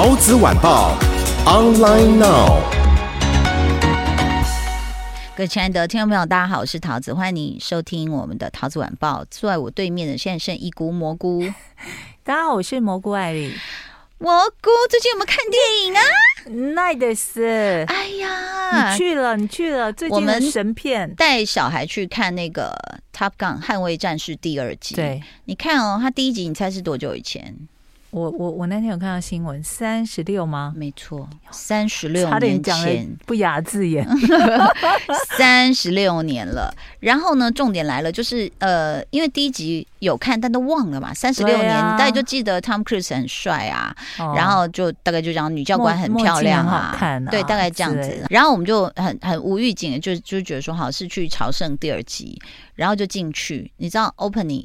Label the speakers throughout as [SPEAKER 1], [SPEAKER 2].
[SPEAKER 1] 陶子晚報 online now，
[SPEAKER 2] 各位親愛的聽眾朋友，大家好，我是陶子，歡迎你收聽我們的陶子晚報。坐在我對面的現在剩一股蘑菇。 大家好，我是蘑菇艾莉。蘑菇最近有沒有看電影啊？Nice，哎呀，你去了，你去
[SPEAKER 1] 了，最近我們神
[SPEAKER 2] 片，帶小孩去看那個《Top Gun》捍衛戰士第二集。對，你看哦，他第一集，你猜是多久以前？
[SPEAKER 1] 我我我那天有看到新聞，三十六嗎？沒錯，三十六年前。差點講不雅字眼，
[SPEAKER 2] 三十六年了。然後呢，重點來了，就是呃，因為第一集有看，但都忘了嘛。三十六年，啊、你大概就記得 Tom Cruise 很帥啊，哦、然後就大概就這樣，女教官很漂亮啊，啊對，大概這樣子。對然後我們就很很無預警，就就覺得說好，好是去朝聖第二集，然後就進去。你知道 Opening。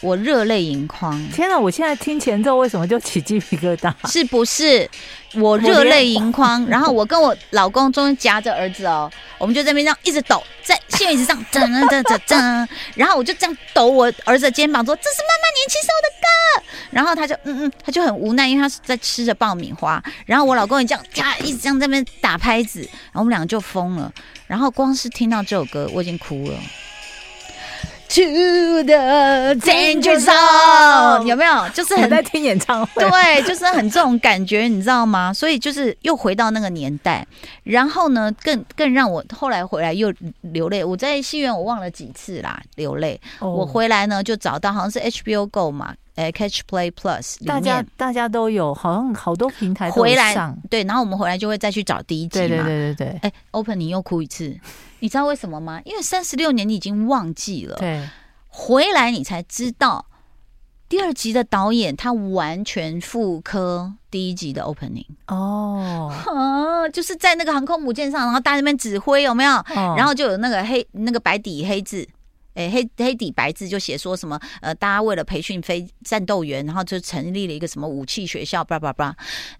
[SPEAKER 1] 我熱淚盈眶！天哪，我現在聽前奏，為什麼就起雞皮疙瘩？是不是我熱淚盈眶？然後我
[SPEAKER 2] 跟我老公中間夾着兒子哦，我們就在那邊這樣一直抖，在線椅子上噔噔噔噔噔，然後我就這樣抖我兒子的肩膀，說：“這是媽媽年輕時候的歌。”然後他就嗯嗯，他就很無奈，因為他是在吃着爆米花。然後我老公也這樣，他一直這樣在那邊打拍子。然後我們兩個就瘋了。然後光是聽到這首歌，我已經哭了。To the Danger Zone，有沒有？就是很在聽演唱會，對，就是很這種感覺，你知道嗎？所以就是又回到那個年代。然後呢，更更讓我後來回來又流淚。我在戲院我忘了幾次啦，流淚。Oh. 我回來呢就找到，好像是 HBO Go 嘛。誒、欸、Catch Play Plus，裡面大家大家都
[SPEAKER 1] 有，好像好多平台上回來，
[SPEAKER 2] 對，然後我們回來就會再去找第一集嘛，對對
[SPEAKER 1] 對對，對、
[SPEAKER 2] 欸、opening 又哭一次， 你知道為什麼嗎？因為三十六年你已經忘記了，對，回來你才知道，第二集的導演他完全復刻第一集的 opening，哦、oh，就是在那個航空母艦上，然後大家那邊指揮有沒有？Oh、然後就有那個黑那個白底黑字。欸、黑黑底白字就寫說什麼？呃，大家為了培訓飛戰鬥員，然後就成立了一個什麼武器學校，叭叭叭，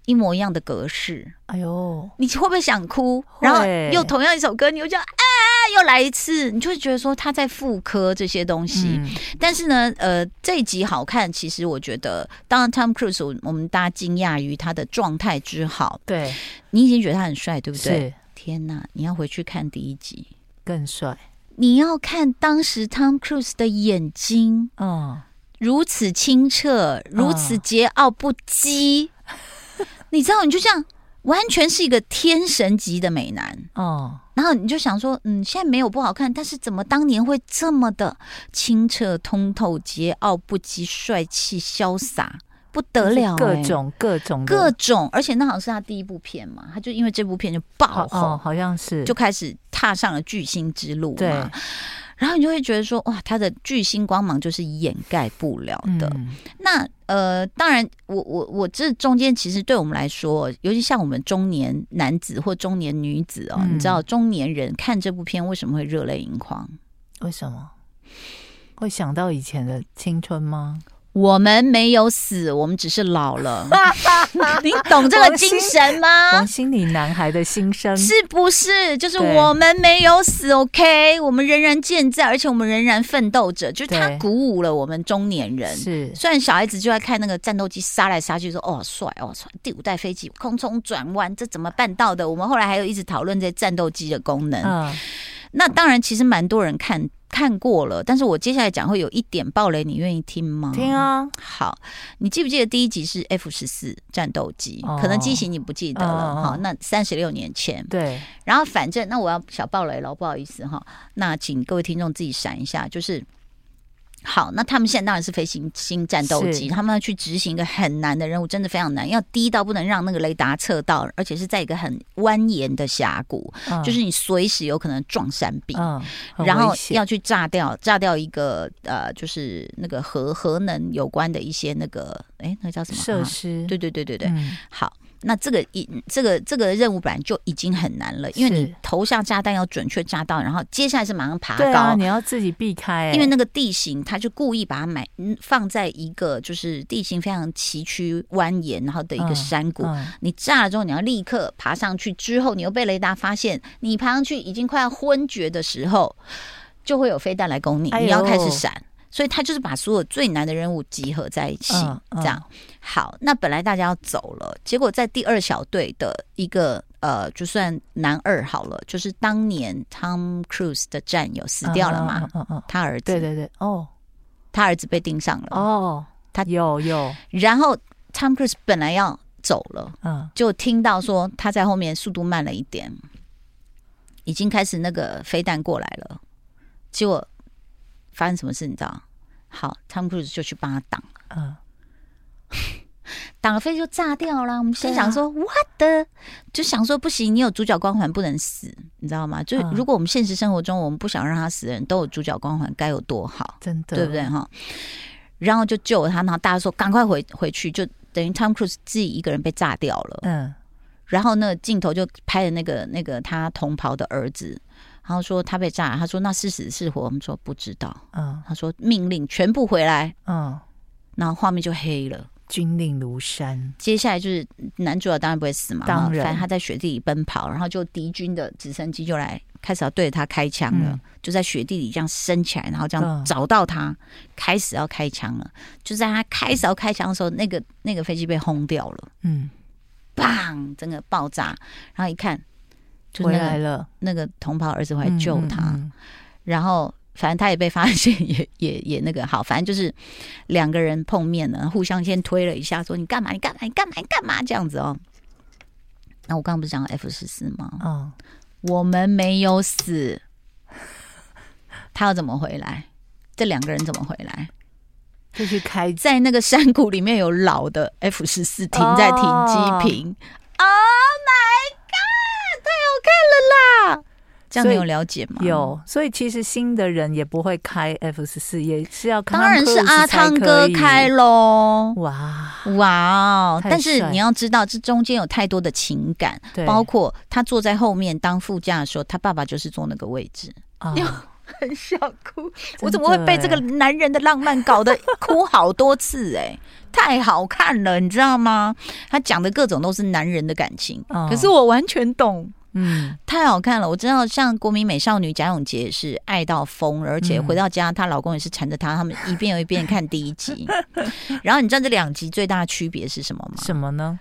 [SPEAKER 2] 一模一樣的格式。哎呦，你會不會想哭？會然後又同樣一首歌，你又叫啊，啊，又來一次，你就會覺得說他在複刻這些東西。嗯、但是呢，呃，這一集好看，其實我覺得，當然 Tom Cruise，我們大家驚訝於他的狀態之好。對，你已經覺得他很帥，對不對？是天哪、啊！你要回去看第一集，更帥。你要看當時 Tom Cruise 的眼睛，哦，oh. 如此清澈，oh. 如此桀驁不羈， 你知道，你就這樣，完全是一個天神級的美男哦。Oh. 然後你就想說，嗯，現在沒有不好看，但是怎麼當年會這麼的清澈通透、桀驁不羈、帥氣瀟灑？不得了、欸，各種各種各種，而且那好像是他第一部片嘛，他就因為這部片就爆紅，哦哦、好像是就開始踏上了巨星之路對，然後你就會覺得說，哇，他的巨星光芒就是掩蓋不了的。嗯、那呃，當然，我我我這中間其實對我們來說，尤其像我們中年男子或中年女子哦，嗯、你知道中年人看這部片為什麼會熱淚盈眶？
[SPEAKER 1] 為什麼會想到以前的青春嗎？
[SPEAKER 2] 我們沒有死，
[SPEAKER 1] 我們只是老了。 你懂這個精神嗎？王心凌男孩的心聲是
[SPEAKER 2] 不是？就是我們沒有死對，OK，我們仍然健在，而且我們仍然奮鬥着。就是、他鼓舞了我們中年人。是對，雖然小孩子就在看那個戰鬥機殺來殺去說，說是哦帥哦，第五代飛機空中轉彎，這怎麼辦到的？我們後來還有一直討論這戰鬥機的功能。嗯、那當然，其實蠻多人看。看過了，但是我接下來講會有一點暴雷，你願意聽嗎？聽啊，好，你記不記得第一集是 F 十四戰鬥機？哦、可能機型你不記得了哈、哦。那三十六年前，對，然後反正那我要小暴雷了，不好意思哈。那請各位聽眾自己閃一下，就是。好，那他們現在當然是飛行新戰鬥機，是他們要去執行一個很難的任務，真的非常難，要低到不能讓那個雷達測到，而且是在一個很蜿蜒的峽谷，哦、就是你隨時有可能撞山壁，哦、然後要去炸掉炸掉一個呃，就是那個和核能有關的一些那個，哎、欸，那個叫什麼設施？對對對對對，嗯、好。那這個一這個這個任務本來就已經很難了，因為你投下炸彈要準確炸到，然後接下來是馬上爬高，對啊，你
[SPEAKER 1] 要自己避開、欸，因為那個
[SPEAKER 2] 地形它就故意把它買放在一個就是地形非常崎嶇蜿蜒然後的一個山谷，嗯嗯、你炸了之後你要立刻爬上去，之後你又被雷達發現，你爬上去已經快要昏厥的時候，就會有飛彈來攻你，你要開始閃，哎、呦所以他就是把所有最難的任務集合在一起，嗯嗯、這樣。好，那本來大家要走了，結果在第二小隊的一個呃，就算男二好了，就是當年 Tom Cruise 的戰友死掉了嘛。嗯嗯，他兒子，對對對，哦，他兒子被盯上了，哦，他有、哦、有，有，然後 Tom Cruise 本來要走了，嗯，就聽到說他在後面速度慢了一點，已經開始那個飛彈過來了，結果發生什麼事你知道？好，Tom Cruise 就去幫他擋，嗯、啊。打飛就炸掉了。我們先想說，啊，What the? 就想說不行，你有主角光環不能死，你知道嗎？就如果我們現實生活中我們不想讓他死的人都有主角光環，該有多好，真的，對不對哈？然後就救了他，然後大家說趕快回回去，就等於湯姆·克魯斯自己一個人被炸掉了。嗯，然後那個鏡頭就拍了那個那個他同袍的兒子，然後說他被炸了，他說那是死是活，我們說不知道。嗯，他說命令全部回來。嗯，然後畫面就黑了。軍令如山，接下來就是男主角當然不會死嘛，當然他在雪地裡奔跑，然後就敵軍的直升機就來開始要對着他開槍了，嗯、就在雪地裡這樣升起來，然後這樣找到他，嗯、開始要開槍了。就在他開始要開槍的時候，嗯、那個那個飛機被轟掉了，嗯，砰，整個爆炸，然後一看
[SPEAKER 1] 就、那個、回來了，
[SPEAKER 2] 那個同袍兒子回來救他，嗯嗯嗯然後。反正他也被發現也，也也也那個好，反正就是兩個人碰面了，互相先推了一下說，說，你幹嘛？你幹嘛？你幹嘛？你幹嘛？這樣子哦。那、啊、我剛剛不是講 F 十四嗎？啊，哦、我們沒有死，他要怎麼回來？這兩個人怎麼回來？就是開在那個山谷裡面有老的 F 十四停在停機坪。哦啊
[SPEAKER 1] 這樣你有了解嗎？有，所以其實新的人也不會開 F14，也是要當然是阿湯哥開嘍。哇哇！哇帥但是你要
[SPEAKER 2] 知道，這中間有太多的情感，對包括他坐在後面當副駕的時候，他爸爸就是坐那個位置。又、哦、要很想哭，欸、我怎麼會被這個男人的浪漫搞得哭好多次，欸？哎， 太好看了，你知道嗎？他講的各種都是男人的感情，哦、可是我完全懂。嗯，太好看了！我知道，像國民美少女賈永婕是愛到瘋，而且回到家，她、嗯、老公也是纏着她，他們一遍又一遍看第一集。 然後你知道這兩集最大的區別是什麼嗎？什麼呢？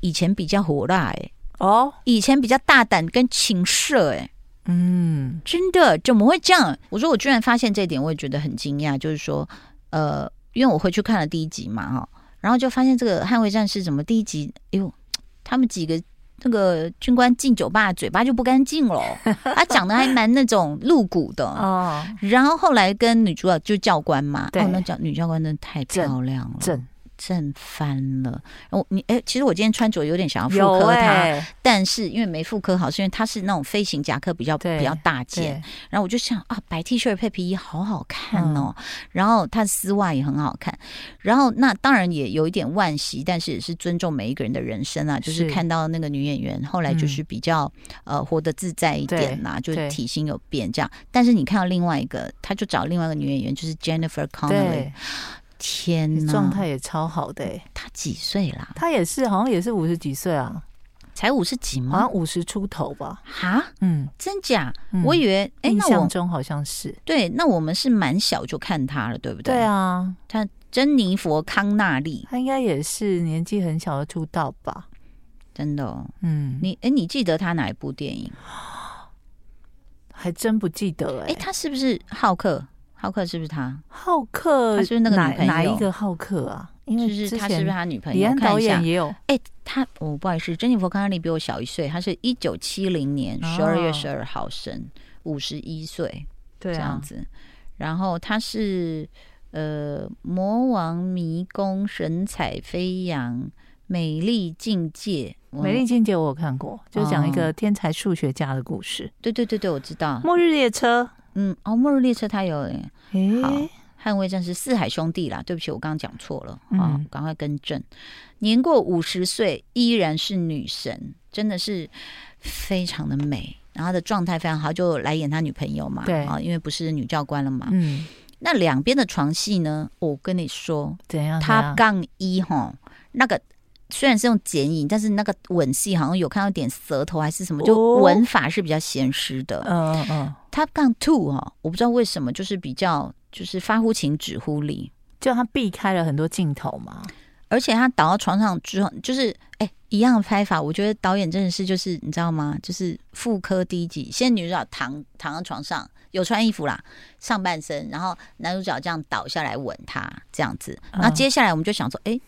[SPEAKER 2] 以前比較火辣哎、欸，哦，以前比較大膽跟情色哎、欸，嗯，真的怎麼會這樣？我說我居然發現這一點，我也覺得很驚訝。就是說，呃，因為我回去看了第一集嘛，哈，然後就發現這個捍衛戰士怎麼第一集，哎呦，他們幾個。那個軍官進酒吧，嘴巴就不乾淨了。他講的還蠻那種露骨的、 哦、然後後來跟女主角就教官嘛，對哦，那講女教官真的太漂亮了。正正震翻了！我、哦、你哎、欸，其實我今天穿着有點想要復刻他，欸，但是因為沒復刻好，是因為它是那種飛行夾克，比較對比較大件。對然後我就想啊，白 T 恤配皮衣好好看哦。嗯、然後他的絲襪也很好看。然後那當然也有一點惋惜，但是也是尊重每一個人的人生啊。就是看到那個女演員是後來就是比較，嗯、呃活得自在一點啦，啊，對就是體型有變這樣。對但是你看到另外一個，他就找另外一個女演員，就是 Jennifer
[SPEAKER 1] Connelly。天吶，狀態也超好的。他
[SPEAKER 2] 幾歲啦？
[SPEAKER 1] 他也是，好像也是五十幾歲啊，才五十幾嗎？好像五十出頭吧？啊？嗯，
[SPEAKER 2] 真假？我以為，哎，印象中好像是。對，那我們是蠻小就看他了，對不對？對啊。他珍妮佛康納利，他應該也是年紀很小的出道吧？真的哦。嗯。你哎，你記得他哪一部電影？還真不記得哎。他是不是浩克？浩克是不是他？
[SPEAKER 1] 浩克他是不是那個女朋友哪哪一個
[SPEAKER 2] 浩克啊？因為之前李安導演也有。哎、欸，他我、哦、不好意思，珍妮佛·康納利比我小一歲，他是一九七零年十二月十二號生，五十一歲，這樣子。啊、然後他是呃，《魔王迷宮》《神采飛揚》《美
[SPEAKER 1] 麗境界》《美麗境界》我有看過，就講一個天才數學家的故事。哦、
[SPEAKER 2] 對對對對，我知道。末日列車。嗯，哦，《末日列車》他有，欸、好，《捍衛戰士》《四海兄弟》啦。對不起，我剛剛講錯了，啊、嗯哦，趕快更正。年過五十歲依然是女神，真的是非常的美，然後她的狀態非常好，就來演他女朋友嘛。對啊、哦，因為不是女教官了嘛。嗯，那兩邊的床戲呢？我跟你說，怎樣，怎樣？他槓一吼，那個。雖然是用剪影，但是那個吻戲好像有看到有點舌頭還是什麼，oh, 就吻法是比較鹹濕的。嗯嗯，Top Gun 2哦，我不知道為什麼，就是比較就是發乎情止乎禮，就他避開了很多鏡頭嘛。而且他倒到床上之後，就是哎、欸，一樣的拍法。我覺得導演真的是就是你知道嗎？就是婦科第一集，現在女主角躺躺在床上，有穿衣服啦，上半身，然後男主角這樣倒下來吻她這樣子。那接下來我們就想說，哎、欸。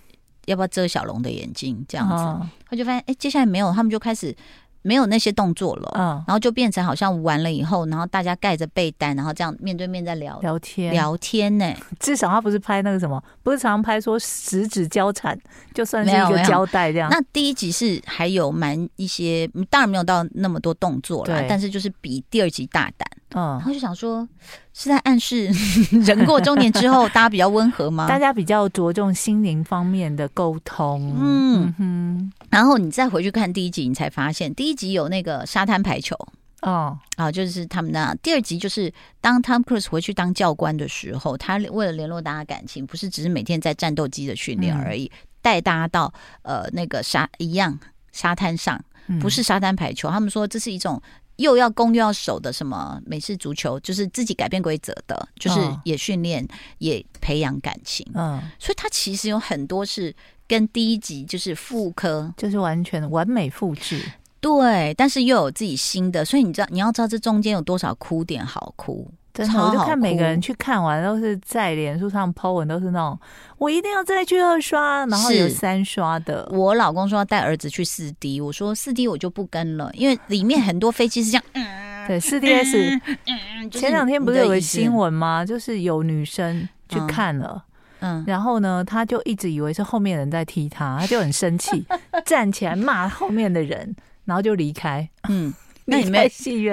[SPEAKER 2] 要不要遮小龍的眼睛這樣子？哦、他就發現，哎、欸，接下來沒有，他們就開始沒有那些動作了。哦、然後就變成好像完了以後，然後大家蓋着被單，然後這樣面對面在聊聊天聊天呢、欸。
[SPEAKER 1] 至少他不是拍那個什麼，不是常拍說十指交纏，就算是一個交代這樣，沒有沒有。那
[SPEAKER 2] 第一集是還有蠻一些，當然沒有到那麼多動作了，對但是就
[SPEAKER 1] 是比第二集大膽。嗯，然後
[SPEAKER 2] 就想說、哦、是在暗示人過中年之後，大家比較溫
[SPEAKER 1] 和嗎？大家比較着重心靈方面的溝通。嗯，嗯
[SPEAKER 2] 哼，然後你再回去看第一集，你才發現第一集有那個沙灘排球哦啊、呃，就是他們那第二集，就是當 Tom Cruise 回去當教官的時候，他為了聯絡大家的感情，不是只是每天在戰鬥機的訓練而已，嗯、帶大家到呃那個沙一樣沙灘上，不是沙灘排球，嗯、他們說這是一種。又要攻又要守的什麼美式足球，就是自己改變規則的，就是也訓練、哦、也培養感情。嗯、哦，所以他其實有很多是跟第一集就是復
[SPEAKER 1] 刻，就是完全完美複製。
[SPEAKER 2] 對，但是又有自己新的，所以你知道你
[SPEAKER 1] 要知道這中間有多少哭點好哭。好，我就看每個人去看完都是在臉書上 po 文，都是那種我一定要再去二刷，然後有三刷的。我
[SPEAKER 2] 老公說要帶兒子去四 D，我說四 D 我就不跟了，因為裡面很多飛機是這樣，
[SPEAKER 1] 嗯。對，四 D S、嗯嗯就是，前兩天不是有個新聞嗎？就是有女生去看了，嗯，嗯然後呢，她就一直以為是後面的人在踢她，她就很生氣， 站起來罵後面的人，然後就離開。嗯。那你沒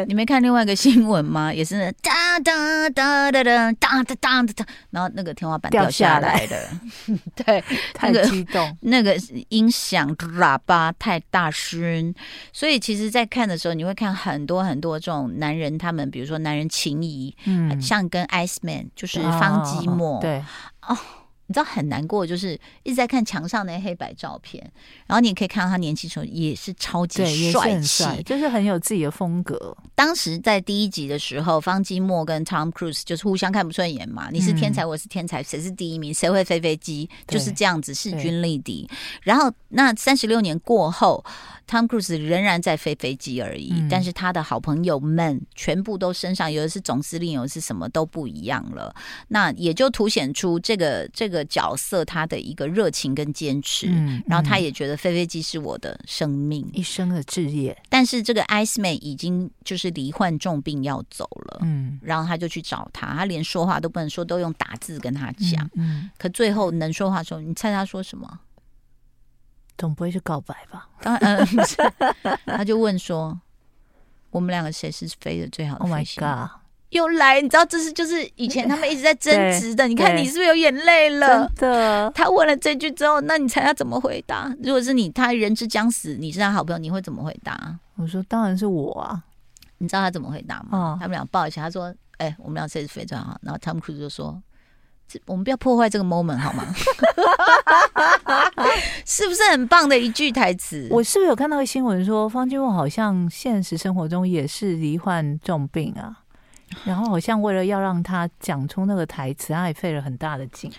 [SPEAKER 1] 你沒看另外一個新聞嗎？也是噠噠噠噠噠噠噠噠噠，然後
[SPEAKER 2] 那個天花板掉下來的，對，太激動，那個音響喇叭太大聲，所以其實，在看的時候，你會看很多很多這種男人，他們比如說男人情誼，嗯，像跟 Iceman 就是方基墨，對，哦。你知道很難過，就是一直在看牆上那黑白照片，然後你也可以看到他年輕時候也是超級帥氣，就是很有自己的風格。當時在第一集的時候，方基墨跟 Tom Cruise 就是互相看不順眼嘛，嗯、你是天才，我是天才，誰是第一名，誰會飛飛機？對就是這樣子勢均力敵。對然後那三十六年過後，Tom Cruise 仍然在飛飛機而已，嗯、但是他的好朋友們全部都身上有的是總司令，有的是什麼都不一樣了，那也就凸顯出這個這個。的角色，他的一個熱情跟堅持，嗯嗯、然後他也覺得飛飛機是我的生命，一生的事業。但是這個 i 斯 e 妹已經就是罹患重病要走了，嗯，然後他就去找他，他連說話都不能說，都用打字跟他講，嗯，嗯可最後能說話的時候，你猜他說什麼？
[SPEAKER 1] 總不會是告白吧？
[SPEAKER 2] 當然、嗯、 他就問說，我們兩個誰是飛的最好的？Oh my god！又來，你知道這是就是以前他們一直在爭執的。對你看你是不是有眼淚了？真的。他問了這句之後，那你猜他怎麼回答？如果是你，他人之將死，你是他好朋友，你會怎麼回答？我說當然是我啊！你知道他怎麼回答嗎？哦、他們倆抱一下，他說：“哎、欸，我們倆這是飛最好。”然後、Tom、Cruise 就說：“這我們不要破
[SPEAKER 1] 壞這個 moment
[SPEAKER 2] 好嗎？” 是不是很棒的一句台詞？啊、我是不
[SPEAKER 1] 是有看到個新聞說，方基墨好像現實生活中也是罹患重病啊？然後好像為了要讓他講出那個台詞，他也費了很大的勁。的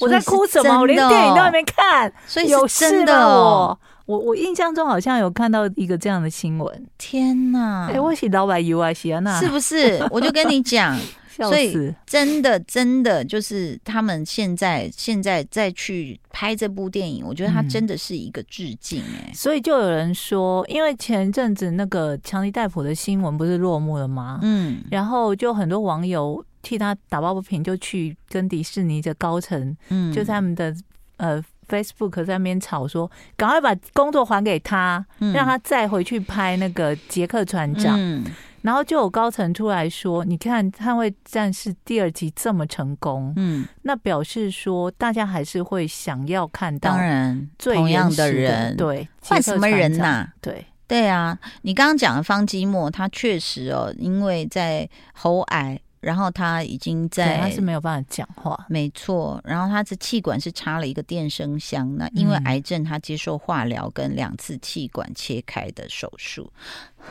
[SPEAKER 1] 我在哭什麼？我連電影都還沒看，所以是真的。我我我印象中好像有看到一個這樣的新聞。天吶哪！哎、欸，我是老闆啊，外的那是不是？我就跟你講。 所以，
[SPEAKER 2] 真的，真的，就是他們現在現在再去拍這部電影，我覺得他真的是一個致
[SPEAKER 1] 敬哎、欸嗯。所以就有人說，因為前陣子那個強尼戴普的新聞不是落幕了嗎？嗯，然後就很多網友替他打抱不平，就去跟迪士尼的高層，嗯，就在他們的呃 Facebook 在那邊吵說，趕快把工作還給他，嗯、讓他再回去拍那個傑克船長。嗯嗯然後就有高層出來說：“你看《捍衛戰士》第二集這麼成功，嗯，那表示說大家還是會想要看到，當然同樣的人，對，換什麼人吶、啊？對，
[SPEAKER 2] 對啊，你剛剛講的方基墨，他確實哦，因為在喉癌。然後他已經在，他是沒有辦法講話，沒錯。然後他的氣管是插了一個電聲箱呢。那、嗯、因為癌症，他接受化療跟兩次氣管切開的手術。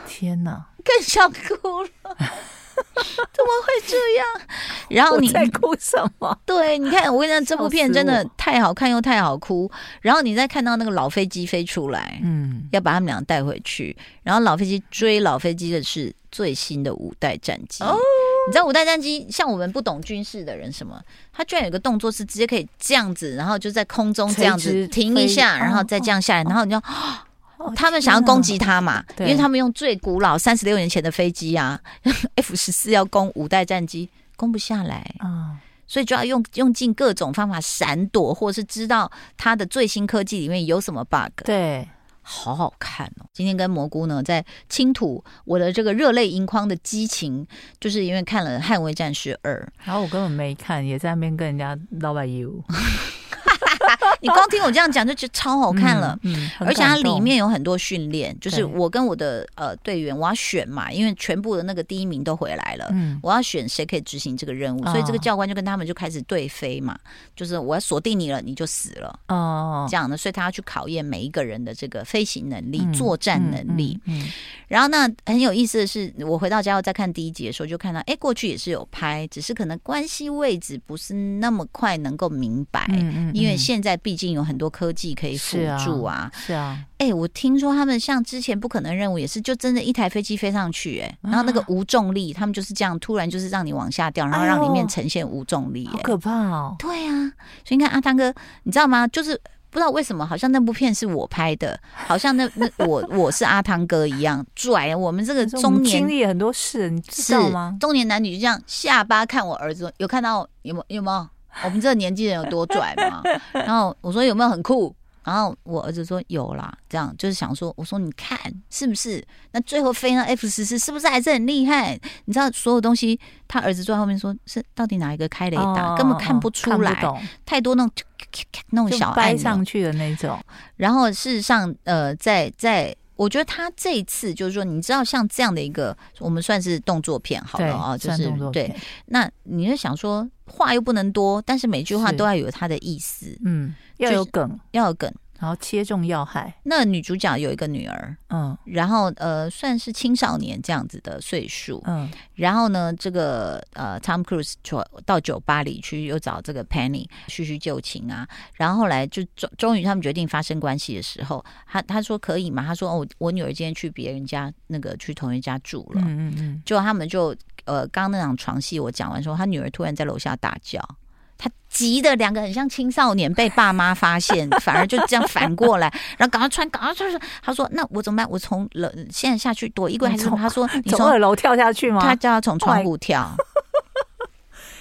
[SPEAKER 1] 天哪，更想哭
[SPEAKER 2] 了！ 怎麼會這樣？ 然後你在哭什麼？對，你看，我跟你講，這部片真的太好看又太好哭。然後你再看到那個老飛機飛出來，嗯，要把他們倆帶回去。然後老飛機追老飛機的是最新的五代戰機哦。你知道五代戰機像我們不懂軍事的人什麼？他居然有個動作是直接可以這樣子，然後就在空中這樣子停一下，然後再降下來。然後你就他們想要攻擊他嘛？對，因為他們用最古老三十六年前的飛機啊，F 十四要攻五代戰機，攻不下來，所以就要用用盡各種方法閃躲，或者是知道他的最新科技裡面有什麼 bug？對。好好看哦！今天跟蘑菇呢在傾吐我的這個熱淚盈眶的激情，就是因為看了《捍衛戰士二》，然後我根本沒看，也在那邊跟人家嘮叨 y o 你光聽我這樣講就覺得超好看了，而且它裡面有很多訓練，就是我跟我的呃隊員，我要選嘛，因為全部的那個第一名都回來了，我要選誰可以執行這個任務，所以這個教官就跟他們就開始對飛嘛，就是我要鎖定你了，你就死
[SPEAKER 1] 了哦這樣
[SPEAKER 2] 的，所以他要去考驗每一個人的這個飛行能力、作戰能力。然後那很有意思的是，我回到家後再看第一集的時候，就看到哎、欸，過去也是有拍，只是可能關係位置不是那麼快能夠明白，因為現在畢。畢竟有很多科技可以輔助啊，是啊，哎，我聽說他們像之前不可能任務也是就真的一台飛機飛上去，哎，然後那個無重力，他們就是這樣突然就是讓你往下掉，然後讓裡面呈現無重力，好可怕哦！對啊，所以你看阿湯哥，你知道嗎？就是不知道為什麼，好像那部片是我拍的，好像那那我我是阿湯哥一樣拽。我們這個中年經歷很多事，你知道嗎？中年男女就這樣下巴看我兒子，有看到有沒有，有沒有？ 我們這個年紀人有多拽嘛？然後我說有沒有很酷？然後我兒子說有啦，這樣就是想說，我說你看是不是？那最後飛那 F 四四是不是還是很厲害？你知道所有東西，他兒子坐在後面說是到底哪一個開雷達，哦哦哦哦根本看不出來，看不懂，太多那種種小掰上去的那種，那種的。然後事實上，呃，在在。我覺得他這一次就是說，你知道像這樣的一個，我們算是動作片好了啊對，就是算動作片對。那你是想說話又不能多，但是每句話都要有他的意思，
[SPEAKER 1] 嗯，就要有
[SPEAKER 2] 梗，要有梗。然後切中要害。那女主角有一個女兒，嗯，然後呃，算是青少年這樣子的歲數，嗯，然後呢，這個呃，Tom Cruise 到到酒吧裡去又找這個 Penny 敘敘舊情啊，然後後來就終終於他們決定發生關係的時候，他他說可以嘛？他說哦，我女兒今天去別人家那個去同學家住了，
[SPEAKER 1] 嗯嗯嗯，
[SPEAKER 2] 就他們就呃，剛剛那場床戲我講完之後，他女兒突然在樓下大叫。急得兩個很像青少年被爸媽發現，反而就這樣反過來， 然後趕快穿，趕快穿。他說：“那我怎麼辦？我從樓現在下去躲衣櫃，從還是他說你從二樓
[SPEAKER 1] 跳下去嗎？”他叫他從窗戶跳。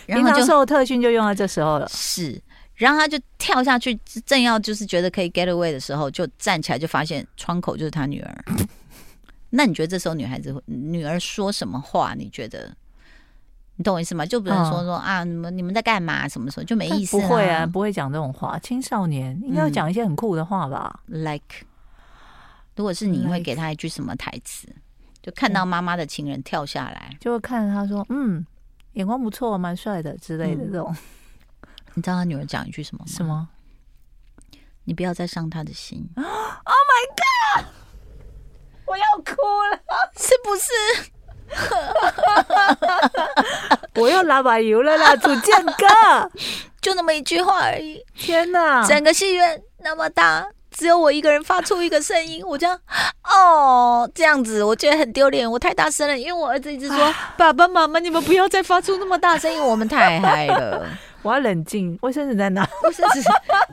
[SPEAKER 1] 平常受特訓就用到這時候了。
[SPEAKER 2] 是，然後他就跳下去，正要就是覺得可以 get away 的時候，就站起來就發現窗口就是他女兒。 那你覺得這時候女孩子女兒說什麼話？你覺得？你懂我意思嗎？就比如說說、嗯、啊，你們你們在幹嘛？什麼時候就沒意思、啊？不會啊，不會講這種話。青少年應該要講一些很酷的話吧、嗯、？Like，如果是你會給他一句什麼台詞？Like, 就看到媽媽的情人跳下來，
[SPEAKER 1] 嗯、就會看着他說：“嗯，眼光不錯，蠻帥的之類的這種。
[SPEAKER 2] 嗯”你知道他女兒講一句什麼嗎？什麼？你不要再傷他的心
[SPEAKER 1] ！Oh、哦、my god！我要哭了，是不是？ 我又拿把油了啦，祖建哥，
[SPEAKER 2] 就那麼一句話而已。天哪，整個戲院那麼大，只有我一個人發出一個聲音，我這樣、啊、哦這樣子，我覺得很丟臉，我太大聲了，因為我兒子一直說 爸爸、媽媽，你們不要再發出那麼大聲音，因為我們太嗨了， 我要冷靜。衛生紙在哪？衛生紙，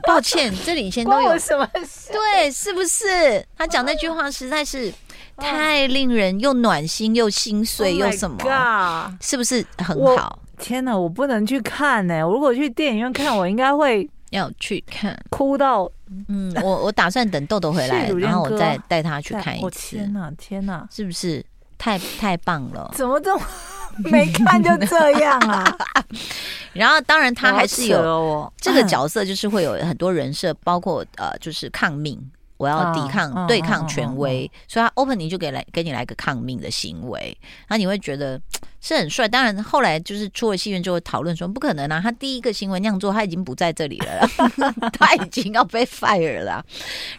[SPEAKER 2] 抱歉，這裡以前都有什麼事？對，是不是？他講那句話實在是。太令人又暖心又心碎又什麼，
[SPEAKER 1] 是不是很好，Oh my God？天哪，我不能去看呢，欸！我如果去電影院看，我應該會要去看，哭到……嗯，我我打算等豆豆回來， 然後我再帶
[SPEAKER 2] 他去看一次。 哦，天哪，天吶，是不是太太棒了？怎麼
[SPEAKER 1] 都沒看就這樣啊？
[SPEAKER 2] 然後，當然他還是有，哦，這個角色，就是會有很多人設， 包括呃，就是抗命。我要抵抗、哦哦、對抗權威，哦哦哦、所以他 opening 就給來給你來個抗命的行為，那你會覺得是很帥。當然，後來就是出了戲院就會討論說不可能啊，他第一個行為那樣做，他已經不在這裡了， 他已經要被 fire 了。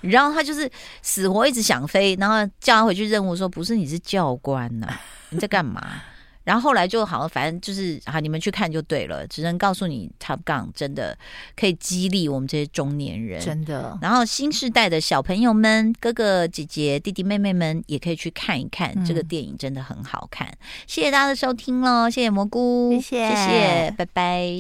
[SPEAKER 2] 然後他就是死活一直想飛，然後叫他回去任務說不是你是教官呢、啊，你在幹嘛？ 然後後來就好了，反正就是啊，你們去看就對了。只能告訴你，《Top Gun》真的可以激勵我們這些中年人，真的。然後新世代的小朋友們，哥哥姐姐、弟弟妹妹們也可以去看一看，嗯、這個電影真的很好看。謝謝大家的收聽嘍，謝謝蘑菇，謝謝，謝謝，拜拜。